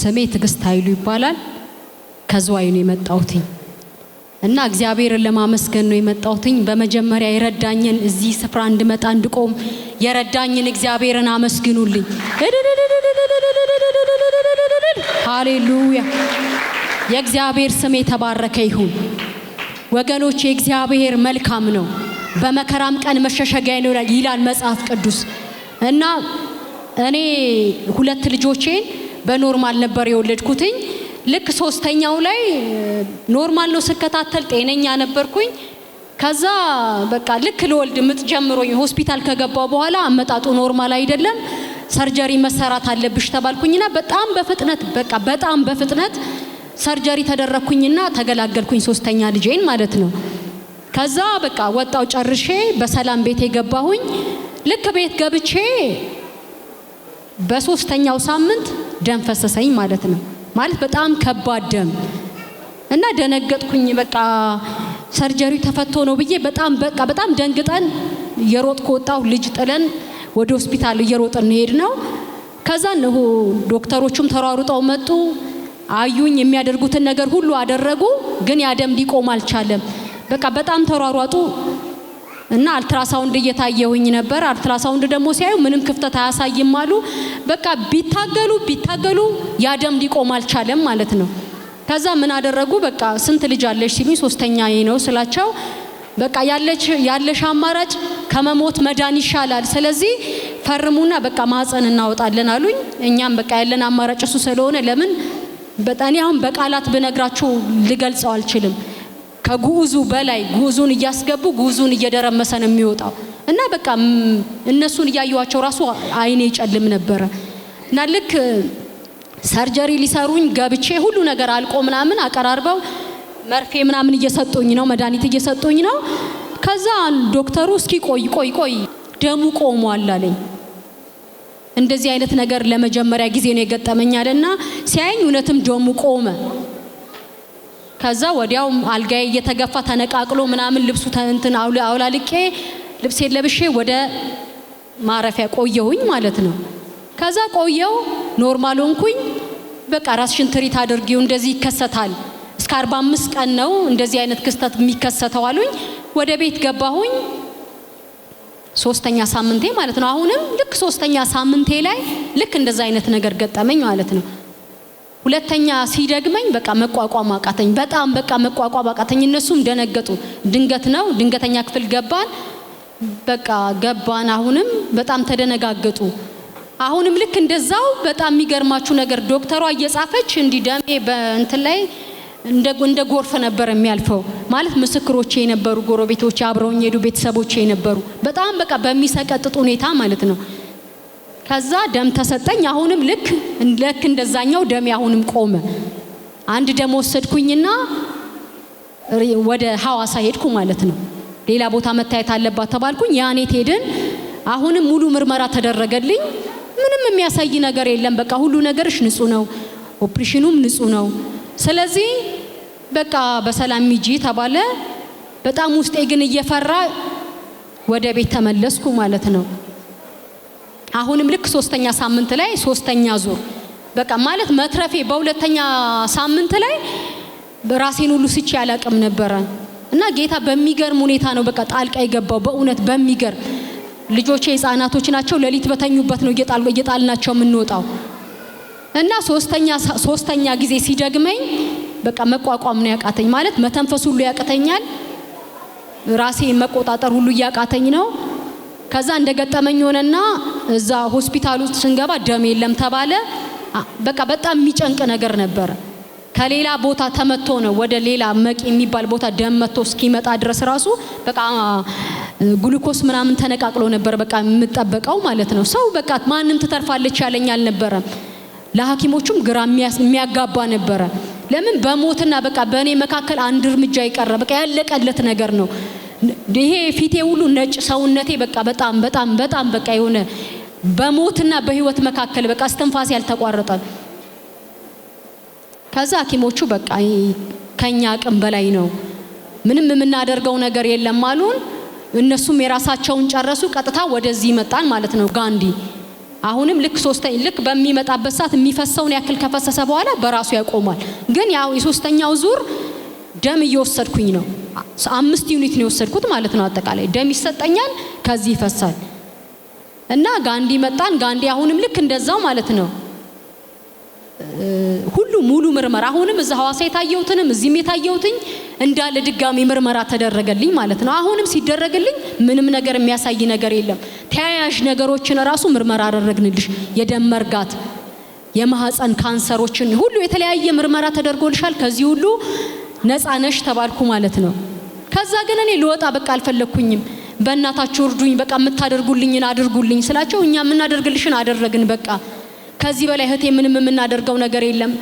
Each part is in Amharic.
ስሜ ትግስት ኃይሉ ይባላል። ከዝዋይ ነው የመጣሁትኝ እና እግዚአብሔርን ለማመስገን ነው የመጣሁትኝ። በመጀመሪያ የረዳኝን እዚህ ስፍራ እንድመጣ እንድቆም የረዳኝን እግዚአብሔርን አመስግኑልኝ። ሃሌሉያ! የእግዚአብሔር ስም የተባረከ ይሁን። ወገኖች የእግዚአብሔር መልካም ነው፣ በመከራም ቀን መሸሸጊያ ነው ይላል መጽሐፍ ቅዱስ እና እኔ ሁለት ልጆቼን በኖርማል ነበር የወለድኩትኝ። ልክ ሶስተኛው ላይ ኖርማል ነው ስከታተል ጤነኛ ነበርኩኝ። ከዛ በቃ ልክ ልወልድ ምጥ ጀምሮኝ ሆስፒታል ከገባው በኋላ አመጣጡ ኖርማል አይደለም፣ ሰርጀሪ መሰራት አለብሽ ተባልኩኝና በጣም በፍጥነት በቃ በጣም በፍጥነት ሰርጀሪ ተደረግኩኝና ተገላገልኩኝ። ሶስተኛ ልጄን ማለት ነው። ከዛ በቃ ወጣው ጨርሼ በሰላም ቤት የገባሁኝ ልክ ቤት ገብቼ በሶስተኛው ሳምንት ደም ፈሰሰኝ ማለት ነው። ማለት በጣም ከባድ ደም እና ደነገጥኩኝ። በቃ ሰርጀሪው ተፈቶ ነው ብዬ በጣም በቃ በጣም ደንግጠን የሮጥ ከወጣሁ ልጅ ጥለን ወደ ሆስፒታል እየሮጥን እንሄድ ነው። ከዛ ነው ዶክተሮቹም ተሯሩጠው መጡ፣ አዩኝ፣ የሚያደርጉትን ነገር ሁሉ አደረጉ። ግን ያ ደም ሊቆም አልቻለም። በቃ በጣም ተሯሯጡ። እና አልትራሳውንድ እየታየሁኝ ነበር። አልትራሳውንድ ደግሞ ሲያዩ ምንም ክፍተት አያሳይም አሉ። በቃ ቢታገሉ ቢታገሉ ያ ደም ሊቆም አልቻለም ማለት ነው። ከዛ ምን አደረጉ? በቃ ስንት ልጅ አለሽ ሲሉኝ ሶስተኛ ነው ስላቸው፣ በቃ ያለች ያለሽ አማራጭ ከመሞት መዳን ይሻላል፣ ስለዚህ ፈርሙና በቃ ማህፀን እናወጣለን አሉኝ። እኛም በቃ ያለን አማራጭ እሱ ስለሆነ ለምን በጣኔ አሁን በቃላት ብነግራችሁ ልገልጸው አልችልም። ከጉዙ በላይ ጉዙን እያስገቡ ጉዙን እየደረመሰ ነው የሚወጣው እና በቃ እነሱን እያየዋቸው ራሱ አይኔ ይጨልም ነበረ እና ልክ ሰርጀሪ ሊሰሩኝ ገብቼ ሁሉ ነገር አልቆ ምናምን አቀራርበው መርፌ ምናምን እየሰጡኝ ነው፣ መድኃኒት እየሰጡኝ ነው። ከዛ ዶክተሩ እስኪ ቆይ ቆይ ቆይ ደሙ ቆሟል አለኝ። እንደዚህ አይነት ነገር ለመጀመሪያ ጊዜ ነው የገጠመኝ አለና ሲያየኝ እውነትም ደሙ ቆመ። ከዛ ወዲያው አልጋዬ እየተገፋ ተነቃቅሎ ምናምን ልብሱ እንትን አውላልቄ ልብሴን ለብሼ ወደ ማረፊያ ቆየሁኝ ማለት ነው። ከዛ ቆየው ኖርማል ሆንኩኝ። በቃ ራስሽን ትሪት አድርጊው እንደዚህ ይከሰታል፣ እስከ 45 ቀን ነው እንደዚህ አይነት ክስተት የሚከሰተው አሉኝ። ወደ ቤት ገባሁኝ። ሶስተኛ ሳምንቴ ማለት ነው። አሁንም ልክ ሶስተኛ ሳምንቴ ላይ ልክ እንደዛ አይነት ነገር ገጠመኝ ማለት ነው። ሁለተኛ ሲደግመኝ በቃ መቋቋም አቃተኝ። በጣም በቃ መቋቋም አቃተኝ። እነሱም ደነገጡ። ድንገት ነው ድንገተኛ ክፍል ገባን። በቃ ገባን። አሁንም በጣም ተደነጋገጡ። አሁንም ልክ እንደዛው በጣም የሚገርማችሁ ነገር ዶክተሯ እየጻፈች እንዲህ ደሜ በእንትን ላይ እንደ ጎርፍ ነበር የሚያልፈው። ማለት ምስክሮቼ የነበሩ ጎረቤቶቼ፣ አብረውኝ ሄዱ ቤተሰቦቼ የነበሩ በጣም በቃ በሚሰቀጥጥ ሁኔታ ማለት ነው ከዛ ደም ተሰጠኝ። አሁንም ልክ ልክ እንደዛኛው ደሜ አሁንም ቆመ። አንድ ደም ወሰድኩኝና ወደ ሐዋሳ ሄድኩ ማለት ነው። ሌላ ቦታ መታየት አለባት ተባልኩኝ። ያኔ ሄድን። አሁንም ሙሉ ምርመራ ተደረገልኝ። ምንም የሚያሳይ ነገር የለም። በቃ ሁሉ ነገርሽ ንጹህ ነው፣ ኦፕሬሽኑም ንጹህ ነው። ስለዚህ በቃ በሰላም ሂጂ ተባለ። በጣም ውስጤ ግን እየፈራ ወደ ቤት ተመለስኩ ማለት ነው። አሁንም ልክ ሶስተኛ ሳምንት ላይ ሶስተኛ ዙር በቃ ማለት መትረፌ በሁለተኛ ሳምንት ላይ ራሴን ሁሉ ስቼ ያላቅም ነበረ እና ጌታ በሚገርም ሁኔታ ነው በቃ ጣልቃ የገባው። በእውነት በሚገርም ልጆቼ ህፃናቶች ናቸው። ሌሊት በተኙበት ነው እየጣልናቸው የምንወጣው እና ሶስተኛ ጊዜ ሲደግመኝ በቃ መቋቋም ነው ያቃተኝ። ማለት መተንፈስ ሁሉ ያቃተኛል። ራሴን መቆጣጠር ሁሉ እያቃተኝ ነው። ከዛ እንደገጠመኝ ሆነና እዛ ሆስፒታል ውስጥ ስንገባ ደም የለም ተባለ። በቃ በጣም የሚጨንቅ ነገር ነበረ። ከሌላ ቦታ ተመቶ ነው ወደ ሌላ መቂ የሚባል ቦታ ደም መቶ እስኪመጣ ድረስ ራሱ በቃ ግሉኮስ ምናምን ተነቃቅሎ ነበር በቃ የምጠበቀው ማለት ነው። ሰው በቃ ማንም ትተርፋለች ያለኝ አልነበረም። ለሐኪሞቹም ግራ የሚያጋባ ነበረ። ለምን በሞትና በቃ በእኔ መካከል አንድ እርምጃ ይቀረ በቃ ያለቀለት ነገር ነው። ይሄ ፊቴ ሁሉ ነጭ ሰውነቴ በቃ በጣም በጣም በጣም በቃ የሆነ በሞትና በህይወት መካከል በቃ እስትንፋሴ ያልተቋረጠ ከዛ ሐኪሞቹ በቃ ከኛ አቅም በላይ ነው፣ ምንም የምናደርገው ነገር የለም አሉን። እነሱም የራሳቸውን ጨረሱ። ቀጥታ ወደዚህ መጣን ማለት ነው ጋንዲ። አሁንም ልክ ሶስተኛ ልክ በሚመጣበት ሰዓት የሚፈሰውን ያክል ከፈሰሰ በኋላ በራሱ ያቆማል። ግን ያው የሶስተኛው ዙር ደም እየወሰድኩኝ ነው አምስት ዩኒት ነው የወሰድኩት ማለት ነው። አጠቃላይ ደም ይሰጠኛል፣ ከዚህ ይፈሳል እና ጋንዲ መጣን። ጋንዲ አሁንም ልክ እንደዛው ማለት ነው። ሁሉ ሙሉ ምርመራ አሁንም እዛ ሐዋሳ የታየሁትንም እዚህም የታየሁትኝ እንዳለ ድጋሚ ምርመራ ተደረገልኝ ማለት ነው። አሁንም ሲደረግልኝ ምንም ነገር የሚያሳይ ነገር የለም። ተያያዥ ነገሮችን ራሱ ምርመራ አደረግንልሽ፣ የደም መርጋት፣ የማህፀን ካንሰሮችን ሁሉ የተለያየ ምርመራ ተደርጎልሻል ከዚህ ሁሉ ነፃ ነሽ ተባልኩ ማለት ነው። ከዛ ግን እኔ ልወጣ በቃ አልፈለግኩኝም። በእናታችሁ እርዱኝ፣ በቃ የምታደርጉልኝን አድርጉልኝ ስላቸው እኛ የምናደርግልሽን አደረግን፣ በቃ ከዚህ በላይ እህቴ ምንም የምናደርገው ነገር የለም፣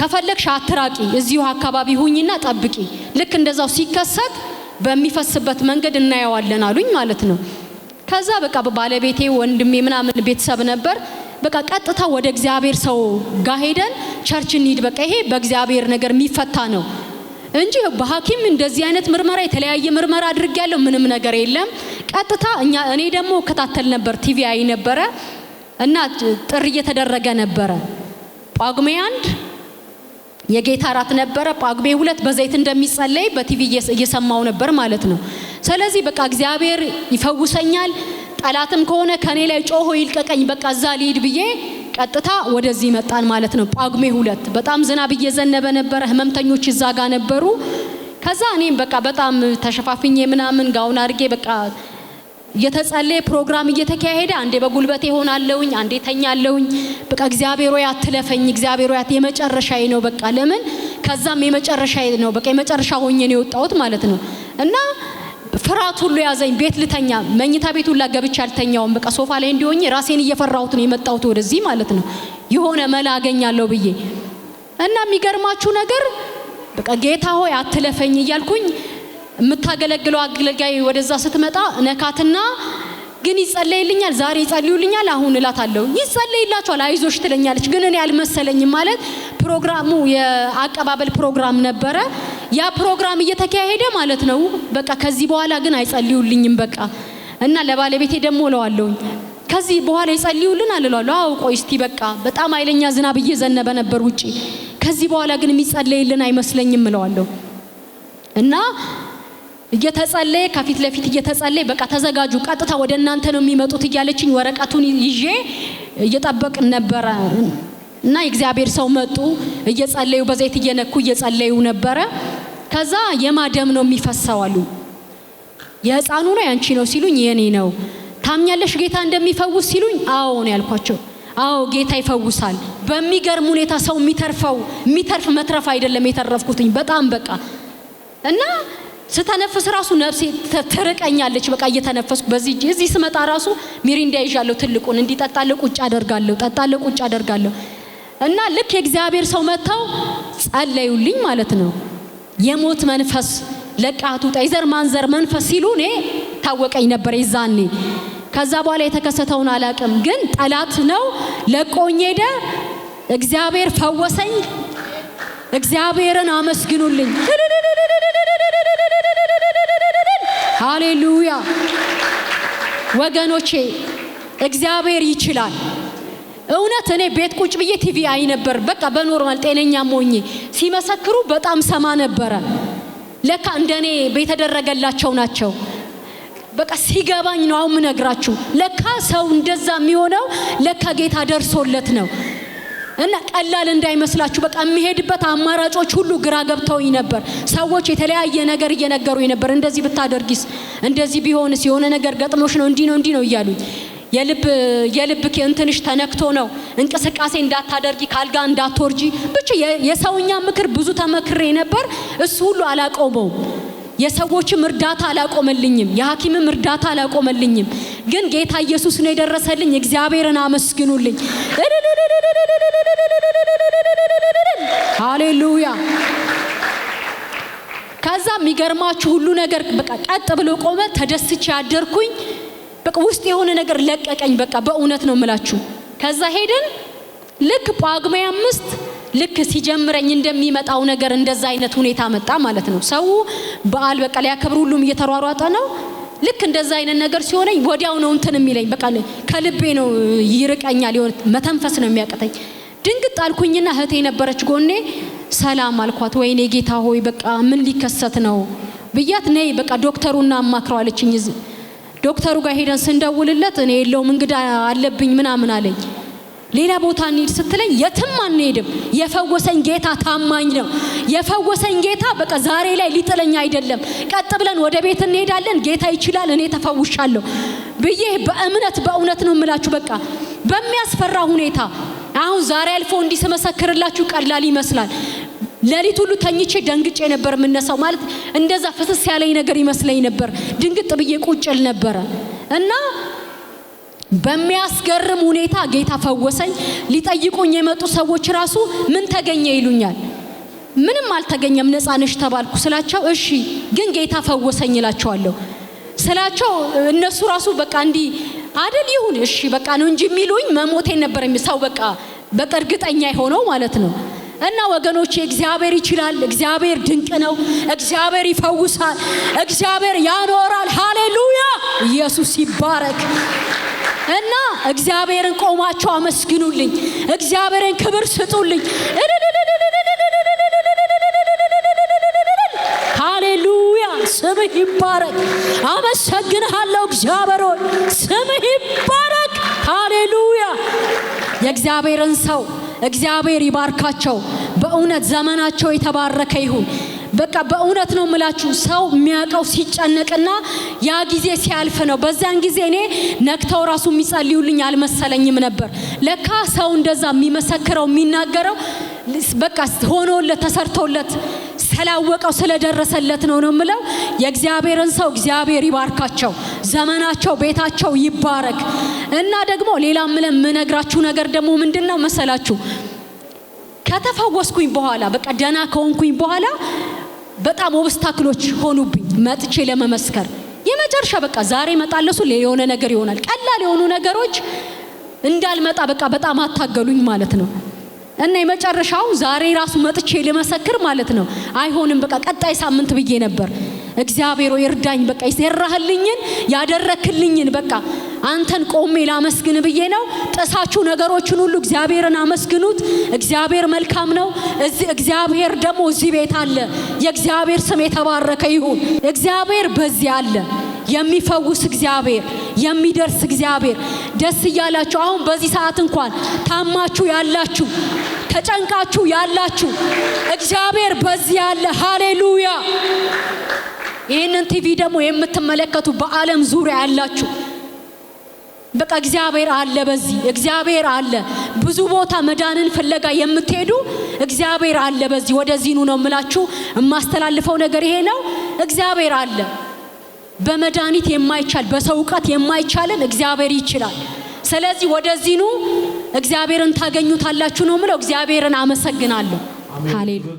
ከፈለግሽ አትራቂ፣ እዚሁ አካባቢ ሁኝና ጠብቂ፣ ልክ እንደዛው ሲከሰት በሚፈስበት መንገድ እናየዋለን አሉኝ ማለት ነው። ከዛ በቃ ባለቤቴ ወንድሜ ምናምን ቤተሰብ ነበር። በቃ ቀጥታ ወደ እግዚአብሔር ሰው ጋር ሄደን ቸርች እንሂድ፣ በቃ ይሄ በእግዚአብሔር ነገር የሚፈታ ነው እንጂ በሐኪም እንደዚህ አይነት ምርመራ የተለያየ ምርመራ አድርጌያለሁ፣ ምንም ነገር የለም። ቀጥታ እኛ እኔ ደግሞ እከታተል ነበር፣ ቲቪ አይ ነበረ እና ጥሪ እየተደረገ ነበረ። ጳጉሜ አንድ የጌታ እራት ነበረ። ጳጉሜ ሁለት በዘይት እንደሚጸለይ በቲቪ እየሰማው ነበር ማለት ነው። ስለዚህ በቃ እግዚአብሔር ይፈውሰኛል፣ ጠላትም ከሆነ ከኔ ላይ ጮሆ ይልቀቀኝ፣ በቃ እዛ ልሂድ ብዬ ቀጥታ ወደዚህ መጣን ማለት ነው። ጳጉሜ ሁለት በጣም ዝናብ እየዘነበ ነበረ። ህመምተኞች እዛ ጋ ነበሩ። ከዛ እኔም በቃ በጣም ተሸፋፍኜ ምናምን ጋውን አድርጌ በቃ እየተጸለየ ፕሮግራም እየተካሄደ አንዴ በጉልበቴ ሆናለሁኝ፣ አንዴ ተኛለሁኝ። በቃ እግዚአብሔር ሆይ አትለፈኝ፣ እግዚአብሔር ሆይ የመጨረሻዬ ነው በቃ ለምን ከዛም የመጨረሻዬ ነው በቃ የመጨረሻ ሆኜ ነው የወጣሁት ማለት ነው እና ፍርሃት ሁሉ ያዘኝ። ቤት ልተኛ መኝታ ቤት ሁላ ገብቼ አልተኛውም። በቃ ሶፋ ላይ እንዲሆኝ ራሴን እየፈራሁት ነው የመጣሁት ወደዚህ ማለት ነው የሆነ መላ አገኛለሁ ብዬ እና የሚገርማችሁ ነገር በቃ ጌታ ሆይ አትለፈኝ እያልኩኝ የምታገለግለው አገልጋይ ወደዛ ስትመጣ ነካትና ግን ይጸለይልኛል፣ ዛሬ ይጸልዩልኛል፣ አሁን እላታለሁ። ይጸለይላቸዋል፣ አይዞሽ ትለኛለች። ግን እኔ አልመሰለኝም ማለት ፕሮግራሙ የአቀባበል ፕሮግራም ነበረ። ያ ፕሮግራም እየተካሄደ ማለት ነው። በቃ ከዚህ በኋላ ግን አይጸልዩልኝም በቃ እና ለባለቤቴ ደግሞ እለዋለሁኝ ከዚህ በኋላ ይጸልዩልን አልለዋለሁ። አዎ ቆይ እስቲ በቃ በጣም ኃይለኛ ዝናብ እየዘነበ ነበር ውጪ። ከዚህ በኋላ ግን የሚጸለይልን አይመስለኝም እለዋለሁ እና እየተጸለየ ከፊት ለፊት እየተጸለየ በቃ ተዘጋጁ፣ ቀጥታ ወደ እናንተ ነው የሚመጡት እያለችኝ ወረቀቱን ይዤ እየጠበቅን ነበረ እና የእግዚአብሔር ሰው መጡ። እየጸለዩ በዘይት እየነኩ እየጸለዩ ነበረ። ከዛ የማደም ነው የሚፈሰው አሉ። የህፃኑ ነው ያንቺ ነው ሲሉኝ የኔ ነው። ታምኛለሽ ጌታ እንደሚፈውስ ሲሉኝ አዎ ነው ያልኳቸው። አዎ ጌታ ይፈውሳል። በሚገርም ሁኔታ ሰው የሚተርፈው የሚተርፍ መትረፍ አይደለም የተረፍኩትኝ በጣም በቃ እና ስተነፍስ ራሱ ነፍሴ ትርቀኛለች። በቃ እየተነፈስኩ በዚህ እጄ እዚህ ስመጣ ራሱ ሚሪንዳ ይዣለሁ ትልቁን እንዲጠጣለ ቁጭ አደርጋለሁ ጠጣለ ቁጭ አደርጋለሁ እና ልክ የእግዚአብሔር ሰው መጥተው ጸለዩልኝ ማለት ነው። የሞት መንፈስ ለቃቱ ጠይዘር ማንዘር መንፈስ ሲሉ እኔ ታወቀኝ ነበር የዛኔ። ከዛ በኋላ የተከሰተውን አላቅም፣ ግን ጠላት ነው ለቆኝ ሄደ። እግዚአብሔር ፈወሰኝ። እግዚአብሔርን አመስግኑልኝ። ሃሌሉያ ወገኖቼ፣ እግዚአብሔር ይችላል። እውነት እኔ ቤት ቁጭ ብዬ ቲቪ አይ ነበር። በቃ በኖርማል ጤነኛ ሞኝ ሲመሰክሩ በጣም ሰማ ነበረ። ለካ እንደኔ የተደረገላቸው ናቸው። በቃ ሲገባኝ ነው አሁን ምነግራችሁ። ለካ ሰው እንደዛ የሚሆነው ለካ ጌታ ደርሶለት ነው። እና ቀላል እንዳይመስላችሁ በቃ የሚሄድበት አማራጮች ሁሉ ግራ ገብተውኝ ነበር። ሰዎች የተለያየ ነገር እየነገሩኝ ነበር። እንደዚህ ብታደርጊስ፣ እንደዚህ ቢሆንስ፣ የሆነ ነገር ገጥሞሽ ነው እንዲህ ነው እንዲህ ነው እያሉኝ የልብ የልብ እንትንሽ ተነክቶ ነው እንቅስቃሴ እንዳታደርጊ ካልጋ እንዳትወርጂ ብቻ የሰውኛ ምክር ብዙ ተመክሬ ነበር። እሱ ሁሉ አላቆመውም። የሰዎችም እርዳታ አላቆመልኝም። የሐኪምም እርዳታ አላቆመልኝም። ግን ጌታ ኢየሱስ ነው የደረሰልኝ። እግዚአብሔርን አመስግኑልኝ። ሃሌሉያ። ከዛ የሚገርማችሁ ሁሉ ነገር በቃ ቀጥ ብሎ ቆመ። ተደስቼ ያደርኩኝ። በቃ ውስጥ የሆነ ነገር ለቀቀኝ። በቃ በእውነት ነው የምላችሁ። ከዛ ሄድን ልክ ጳጉሜ አምስት ልክ ሲጀምረኝ እንደሚመጣው ነገር እንደዛ አይነት ሁኔታ መጣ ማለት ነው። ሰው በዓል በቃ ሊያከብር ሁሉም እየተሯሯጠ ነው። ልክ እንደዛ አይነት ነገር ሲሆነኝ ወዲያው ነው እንትን የሚለኝ በቃ ከልቤ ነው ይርቀኛል። የሆነ መተንፈስ ነው የሚያቀተኝ። ድንግጥ አልኩኝና እህቴ የነበረች ጎኔ ሰላም አልኳት። ወይኔ ጌታ ሆይ በቃ ምን ሊከሰት ነው ብያት ነይ በቃ ዶክተሩና አማክረዋለችኝ ዶክተሩ ጋር ሄደን ስንደውልለት እኔ የለውም እንግዳ አለብኝ ምናምን አለኝ። ሌላ ቦታ እንሂድ ስትለኝ የትም አንሄድም፣ የፈወሰኝ ጌታ ታማኝ ነው። የፈወሰኝ ጌታ በቃ ዛሬ ላይ ሊጥለኝ አይደለም። ቀጥ ብለን ወደ ቤት እንሄዳለን። ጌታ ይችላል፣ እኔ ተፈውሻለሁ ብዬ በእምነት በእውነት ነው የምላችሁ። በቃ በሚያስፈራ ሁኔታ አሁን ዛሬ አልፎ እንዲስመሰክርላችሁ ቀላል ይመስላል። ለሊት ሁሉ ተኝቼ ደንግጬ ነበር የምነሳው። ማለት እንደዛ ፍስስ ያለኝ ነገር ይመስለኝ ነበር። ድንግጥ ብዬ ቁጭል ነበረ እና በሚያስገርም ሁኔታ ጌታ ፈወሰኝ። ሊጠይቁኝ የመጡ ሰዎች ራሱ ምን ተገኘ ይሉኛል። ምንም አልተገኘም፣ ነፃ ነሽ ተባልኩ ስላቸው፣ እሺ ግን ጌታ ፈወሰኝ እላቸዋለሁ ስላቸው፣ እነሱ ራሱ በቃ እንዲህ አደል ይሁን እሺ በቃ ነው እንጂ የሚሉኝ መሞቴን ነበር ሰው በቃ በእርግጠኛ የሆነው ማለት ነው እና ወገኖች እግዚአብሔር ይችላል። እግዚአብሔር ድንቅ ነው። እግዚአብሔር ይፈውሳል። እግዚአብሔር ያኖራል። ሃሌሉያ! ኢየሱስ ይባረክ። እና እግዚአብሔርን ቆማቸው አመስግኑልኝ። እግዚአብሔርን ክብር ስጡልኝ። ሃሌሉያ! ስምህ ይባረክ። አመሰግንሃለሁ እግዚአብሔር ሆይ ስምህ ይባረክ። ሃሌሉያ! የእግዚአብሔርን ሰው እግዚአብሔር ይባርካቸው። በእውነት ዘመናቸው የተባረከ ይሁን። በቃ በእውነት ነው የምላችሁ። ሰው የሚያውቀው ሲጨነቅና ያ ጊዜ ሲያልፍ ነው። በዛን ጊዜ እኔ ነክተው ራሱ የሚጸልዩልኝ አልመሰለኝም ነበር። ለካ ሰው እንደዛ የሚመሰክረው የሚናገረው በቃ ሆኖለት ተሰርቶለት ስላወቀው ስለደረሰለት ነው ነው የምለው። የእግዚአብሔርን ሰው እግዚአብሔር ይባርካቸው፣ ዘመናቸው፣ ቤታቸው ይባረክ እና ደግሞ ሌላ ምለን የምነግራችሁ ነገር ደግሞ ምንድን ነው መሰላችሁ ከተፈወስኩኝ በኋላ በቃ ደና ከሆንኩኝ በኋላ በጣም ኦብስታክሎች ሆኑብኝ መጥቼ ለመመስከር የመጨረሻ በቃ ዛሬ መጣለሱ የሆነ ነገር ይሆናል። ቀላል የሆኑ ነገሮች እንዳልመጣ በቃ በጣም አታገሉኝ ማለት ነው። እና የመጨረሻው ዛሬ ራሱ መጥቼ ልመሰክር ማለት ነው። አይሆንም በቃ ቀጣይ ሳምንት ብዬ ነበር። እግዚአብሔር እርዳኝ በቃ የሰራህልኝን ያደረክልኝን በቃ አንተን ቆሜ ላመስግን ብዬ ነው። ጥሳችሁ ነገሮችን ሁሉ እግዚአብሔርን አመስግኑት። እግዚአብሔር መልካም ነው። እግዚአብሔር ደግሞ እዚህ ቤት አለ። የእግዚአብሔር ስም የተባረከ ይሁን። እግዚአብሔር በዚህ አለ፣ የሚፈውስ እግዚአብሔር የሚደርስ እግዚአብሔር ደስ እያላችሁ አሁን በዚህ ሰዓት እንኳን ታማችሁ ያላችሁ ተጨንቃችሁ ያላችሁ እግዚአብሔር በዚህ ያለ ሃሌሉያ። ይህንን ቲቪ ደግሞ የምትመለከቱ በዓለም ዙሪያ ያላችሁ በቃ እግዚአብሔር አለ፣ በዚህ እግዚአብሔር አለ። ብዙ ቦታ መዳንን ፍለጋ የምትሄዱ እግዚአብሔር አለ በዚህ። ወደዚህ ነው የምላችሁ። የማስተላልፈው ነገር ይሄ ነው። እግዚአብሔር አለ። በመድኃኒት የማይቻል በሰው እውቀት የማይቻልን እግዚአብሔር ይችላል። ስለዚህ ወደዚህ ኑ፣ እግዚአብሔርን ታገኙታላችሁ ነው ምለው። እግዚአብሔርን አመሰግናለሁ። ሃሌሉያ